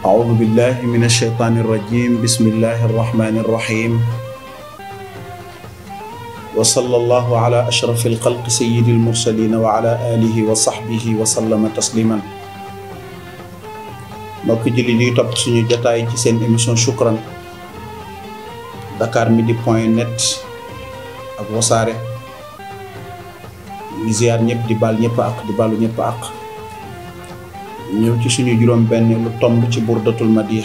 أعوذ بالله من الشيطان الرجيم بسم الله الرحمن الرحيم وصلى الله على أشرف الخلق سيد المرسلين وعلى آله وصحبه وسلم تسليما mbokk julli di topp suñu jataay ci seen émission Shukran Dakar Midi point net ak wasaare ñu ziar di baal ñëpp ak di baalu ñëpp ak ñëw ci suñu juróom-benn lu tomb ci burdatul madix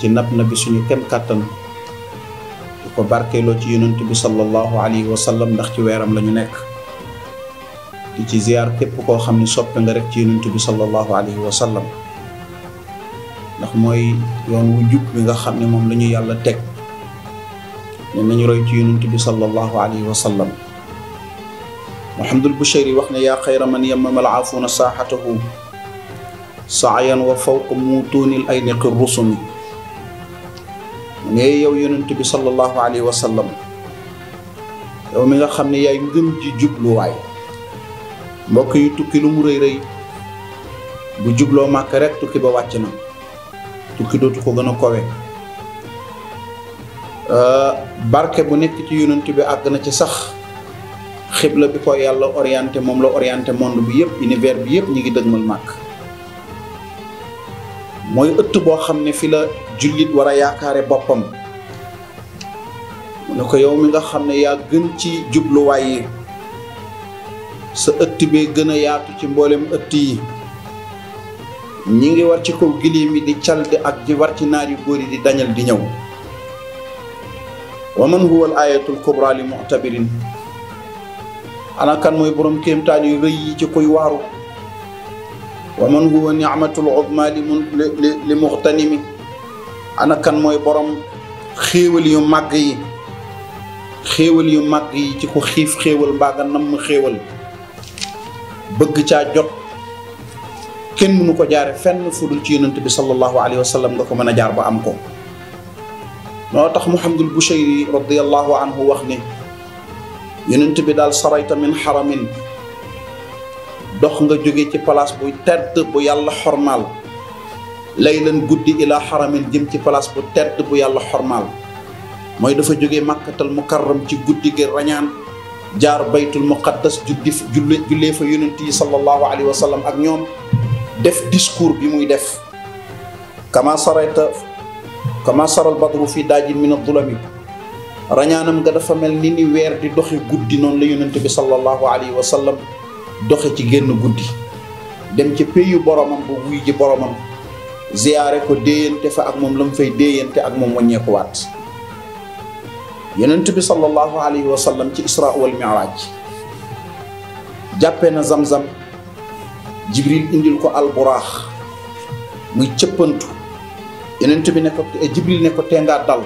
ci nab na bi suñu kem kàttan di ko barkeeloo ci yonent bi sallallahu alayhi wa sallam ndax ci weeram la ñu nekk ci ziar képp koo xam ne soppe rek ci bi sallallahu alayhi wa sallam ndax mooy yoon wu jub bi nga xam ne moom la yàlla teg ne nañu rey ci yonent bi sallallahu alayhi wa sallam Muhamadul Bushayri wax ne yaa xayra man yemmama al aafuuna saaxatahu saayan wa ay neqi rusumi mu yow yonent bi sallallahu nga xam ne yaay ngëm ji jubluwaay mbokk yu tukki lu mu rëy rëy bu jubloo màkk rek tukki ba wàcc na tukki dootu ko gën a kowe euh, barke bu nekk ci yonent bi àgg na ci sax xibla bi ko yàlla orienté moom la orienté monde bi yëpp univers bi yëpp ñu ngi dëgmal màkk mooy ëtt boo xam ne fi la jullit war a yaakaare boppam mu ne ko yow mi nga xam ne yaa gën ci jubluwaay yi sa ëtt bee gën a yaatu ci mbooleem ëtt yi ñi ngi war ci kaw giléem yi di calde ak ji war ci naar yu góor yi di dañal di ñëw wa man huwa al ayatul kubra li mu'tabirin ana kan mooy borom kéemtaan yu rëy yi ci kuy waaru wa man huwa ni'matul uzma li mun li muxtanimi ana kan mooy boroom xéewal yu màgg yi xéewal yu màgg yi ci ko xiif xéewal mbaa nga namm xéewal bëgg caa jot kenn mënu ko jaare fenn fu dul ci yonent bi sallallahu alayhi wa nga ko mën a jaar ba am ko noo tax Muhamadul Bushayri radiyallahu anhu wax ne yonent bi daal sarayta min xaramin dox nga jóge ci place buy tedd bu yàlla xormaal lan guddi ilaa xaramin jëm ci place bu tedd bu yàlla xormaal mooy dafa jóge màkkatal mukarram ci guddi gi rañaan jaar baytul muqaddas juddi julle jullee fa yonent yi sallallahu alayhi wa ak ñoom def discours bi muy def kama sarayta kama saral badru fi daajin min adulami rañaanam nga dafa mel ni ni weer di doxe guddi noonu la yonent bi sallallahu alayhi wa sallam doxe ci génn guddi dem ci péyu boromam ba wuy ji boromam ziyaare ko déeyante fa ak moom la mu fay déeyante ak moom wàññeekuwaat yonent bi sallallahu alayhi wa sallam ci isra wal miraaj jàppee na zamzam jibril indil ko alburaax muy cëppantu yonent bi ne ko jibril ne ko teengaa dal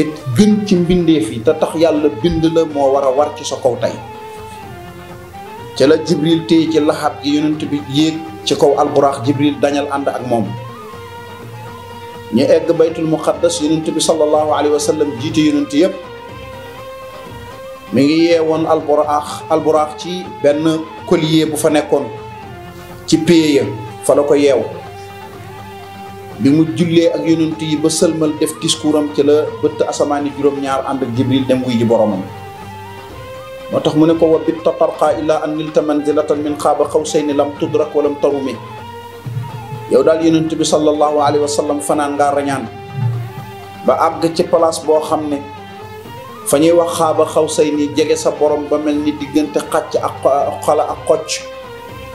te gën ci mbindeef yi te tax yàlla bind la moo war a war ci sa kaw tey ca la jibril téye ci laxaab gi yonent bi yéeg ci kaw alburax jibril dañal ànd ak moom ñu egg baytul muqaddas yonent bi sallallahu alayhi wa sallam jiite yonent yépp mi ngi yeewoon alburax alburax ci benn collier bu fa nekkoon ci péye ya fa la ko yeew bi mu jullee ak yonent yi ba sëlmal def discours am ci la bëtt asamaani juróom-ñaar ànd ak jibril dem wuy ji boromam moo tax mu ne ko wa bit tatarqa illa an nilta manzilatan min xaaba xawsayni lam tudrak mu tarumi yow daal yonent bi sallallahu alayhi wa sallam fanaan ngaa rañaan ba àgg ci palaas boo xam ne fa ñuy wax xaaba xaw ni jege sa borom ba mel ni diggante xàcc ak ak xocc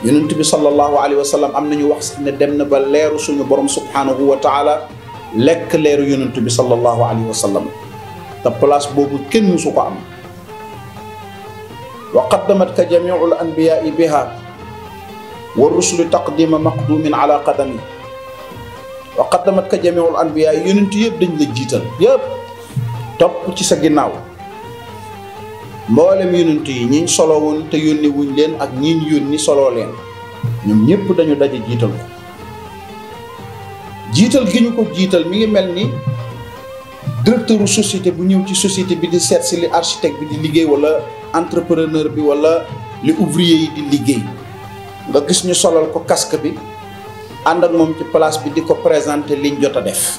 yonent bi sallallahu alayhi wa sallam am nañu wax sax ne dem na ba leeru suñu borom subhaanahu wa taala lekk leeru yonent bi sallallahu alayhi wa sallam te place boobu kenn musu ko am wa qaddamat ka jamiu l anbiyaai biha wa rusuli taqdima maqdumin ala qadami wa qaddamat ka jamiu l anbiyaai yonent yëpp dañ la jiital yëpp topp ci sa ginnaaw mboolem yonent yi ñiñ solo woon te yónni wuñ leen ak ñiñ yónni soloo leen ñoom ñépp dañu daje jiital ko jiital gi ñu ko jiital mi ngi mel ni directeuru société bu ñëw ci société bi di seetsi li architecte bi di liggéey wala entrepreneur bi wala li ouvrier yi di liggéey nga gis ñu solal ko casque bi ànd ak moom ci place bi di ko présenter liñ jot a def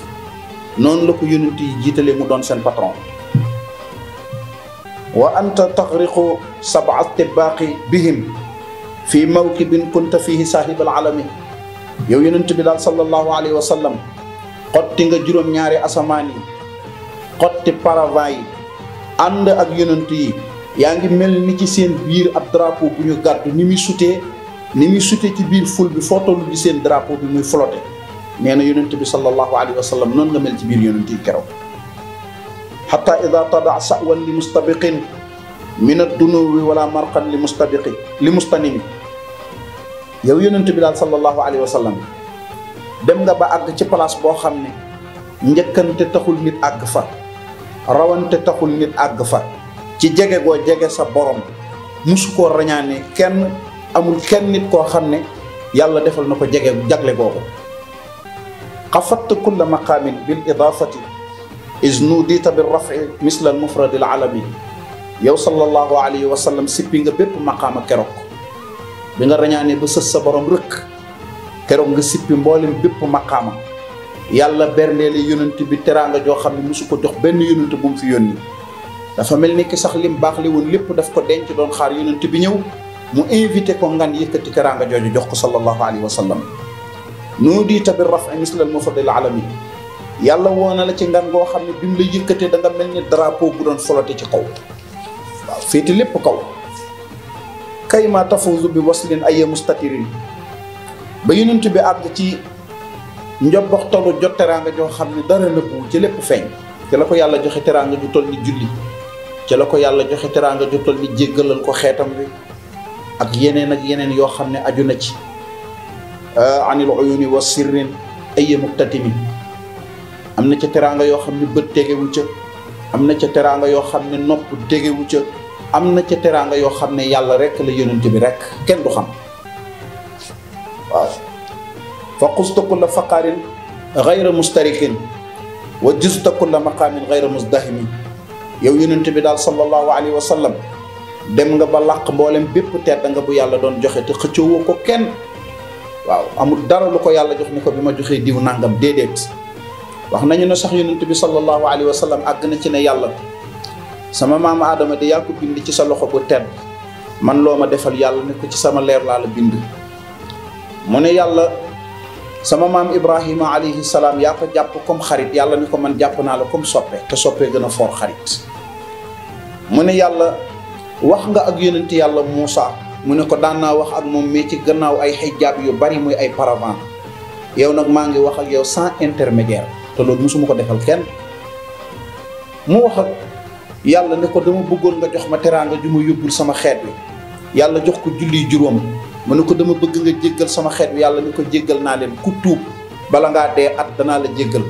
noonu la ko yonent yi jiitalee mu doon seen patron wa anta taxriqu saba tibaaqi bihim fii mawkibin kunta fihi saahibal alami yow yonent bi daal sallallahu alayhi wa sallam xotti nga juróom-ñaari asamaan yi xotti paravent yi ànd ak yonent yi yaa ngi mel ni ci seen biir ab drapeau bu ñu gàddu ni muy sutee ni muy sutee ci biir ful bi foo tollu di seen drapeau bi muy flotté nee na yonent bi sallallahu alayhi wa sallam noonu nga mel ci biir yonent yi keroog xata ida tadaa sawan li mustabiqin min addunuwi wala marqan li mustabiqi li mustanimi yow yonent bi daal sallallahu alayhi wa dem nga ba àgg ci place boo xam ne njëkkante taxul nit àgg fa rawante taxul nit àgg fa ci jege goo jege sa borom musu koo rañaane kenn amul kenn nit koo xam ne yàlla defal na ko jege jagle googu xafatt kulla maqaamin bil idaafati is di bi rafi misla al mufradil alami yow sallallahu alayhi wa sallam sippi nga bépp maqaama keroog bi nga rañaane ba sës sa borom rëkk keroog nga sippi mboolem bépp maqaama yàlla berndeele yonent bi teraanga joo xam ne mosu ko jox benn yonent bu mu fi yónni dafa mel ni ki sax lim baax li woon lépp def ko denc doon xaar yonent bi ñëw mu invité ko ngan yëkkati teraanga jooju jox ko sallallahu alayhi wa sallam nudiita bi rafi misla al mufradil alami yàlla woo na la ci ngan goo xam ne bi mu la yëkkatee da nga mel ni drapeau bu doon flotté ci kaw waaw féete lépp kaw kay ma tafuzu bi waslin ay mustatirin ba yonent bi àgg ci njobox tollu jot teraanga joo xam ne dara nëbbu ci lépp ko yàlla joxe teraanga ju toll ni julli ci la ko yàlla joxe teraanga ju toll ni jéggalal ko xeetam bi ak yeneen ak yeneen yoo xam ne aju na ci anil uyuni wa sirrin ay muktatimin am na ca teraanga yoo xam ne bët tegewu ca am na ca teraanga yoo xam ne nopp tegewu ca am na ca teraanga yoo xam ne yàlla rek la yonent bi rek kenn du xam waaw fa xusta kulla faqaarin gayra mustarikin wa justa kulla maqaamin gayra musdahimin yow yonent bi daal sallallahu alayhi wa sallam dem nga ba làq mboolem bépp tedd nga bu yàlla doon joxe te xëccoo ko kenn waaw amul dara lu ko yàlla jox ni ko bi ma joxee diw nangam déedéet wax nañu ne sax yonent bi sallallahu alayhi wa sallam àgg na ci ne yàlla sama maam aadama de yaa ko bind ci sa loxo bu tedd man loo ma defal yàlla ne ko ci sama leer laa la bind mu ne yàlla sama maam Ibrahima alayhi salaam yaa ko jàpp comme xarit yàlla ne ko man jàpp naa la comme soppe te soppee gën a foor xarit mu ne yàlla wax nga ak yonent yàlla Moussa mu ne ko daan naa wax ak moom mais ci gannaaw ay xijaab yu bari muy ay paravent yow nag maa ngi wax ak yow sans intermédiaire te loolu mosuma ko defal kenn mu wax yàlla ne ko dama bëggoon nga jox ma teraanga ju ma yóbbul sama xeet bi yàlla jox ko julli juróom mën ne ko dama bëgg nga jéggal sama xeet bi yàlla ne ko jéggal naa leen ku tuub bala ngaa dee at danaa la jéggal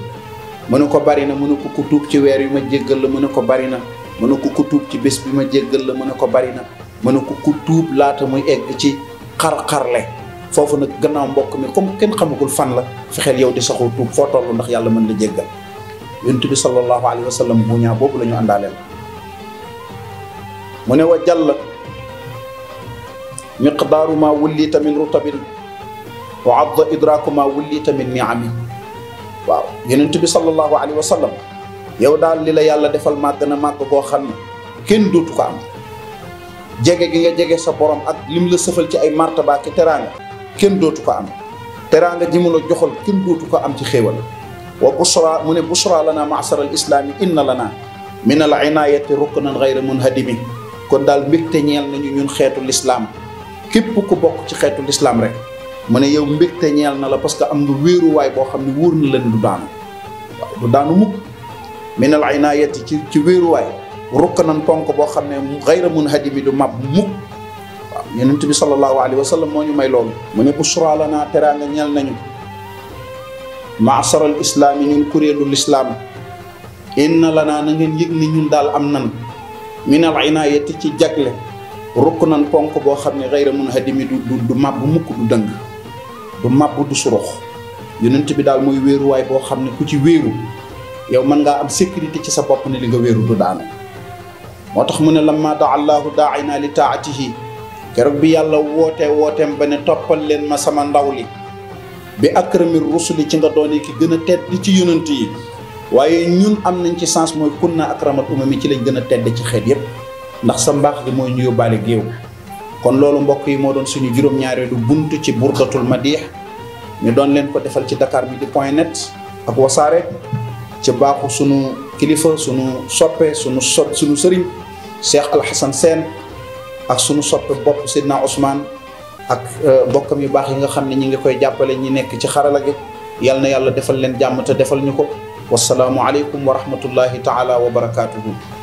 mën ne ko bari na mu ko ku ci weer yu ma jéggal la mu ne ko bari na mu ne ko ku tuub ci bés bi ma jéggal la mu ne ko bari na mu ne ko ku tuub laata muy egg ci xar-xarle foofu nag gannaaw mbokk mi comme kenn xamagul fan la fexeel yow di saxoo tuub foo toll ndax yàlla mën la jéggal yonent bi sallallahu alayhi wa sallam buñaa boobu la ñu àndaaleel mu ne wa jàll miqdaaru ma wullita min rutabin wa adda idraaku ma wullita min niami waaw yonent bi sallallahu alayhi wa sallam yow daal li la yàlla defal màgg na màgg koo xam kenn dootu ko am jege gi nga jege sa borom ak lim la sëfal ci ay martaba ki teraanga kenn dootu ko am teraanga ji mu la joxal kenn dootu ko am ci xéewal wa busra mu ne busra lana maasara al islaami inna lana min al inaayati ruknan gayra munhadimi kon daal mbégte ñeel nañu ñun xeetu lislaam képp ku bokk ci xeetu lislaam rek mu ne yow mbégte ñeel na la parce que am nga wéeruwaay boo xam ne wóor na leen du daanu waaw du daanu mukk min al ci ci wéeruwaay ruknan ponk boo xam ne gayra munhadimi du mab mukk yonent bi sallallahu alayhi wa sallam moo ñu may loolu mu ne busra lana ñal ñel nañu maasaral islaam yi ñun kuréelu lislaam inna lana na ngeen yëg ni ñun daal am nan minal inaayati ci jagle rukk nan ponk boo xam ne xëyra mun hadimi du du du màbb mukk du dëng du màbb du surux yonent bi daal mooy wéeruwaay boo xam ne ku ci wéeru yow mën ngaa am sécurité ci sa bopp ne li nga wéeru du daanu moo tax mu ne lamma daa allahu daa naa li taatihi keroog bi yàlla woote wooteem ba ne toppal leen ma sama ndaw li bi akrami rusuli ci nga doone ki gën a tedd ci yonant yi waaye ñun am nañ ci sens mooy kunna akramat umami ci lañ gën a tedd ci xeet yépp ndax sa mbaax gi mooy ñu yóbbaale géew kon loolu mbokk yi moo doon suñu juróom-ñaareelu bunt ci burdatul madih ñu doon leen ko defal ci dakar midi point net ak wasaare ci baaxu suñu kilifa suñu soppe suñu sot suñu sëriñ Cheikh Alxasan Seen ak sunu soppe bopp Seydina Ousmane ak euh, bokkam yu baax yi nga xam ne ñi ngi koy jàppale ñi nekk ci xarala gi yal na yàlla defal leen jàmm te defal ñu ko wasalaamu aleykum wa rahmatullahi taala wa barakaatuhu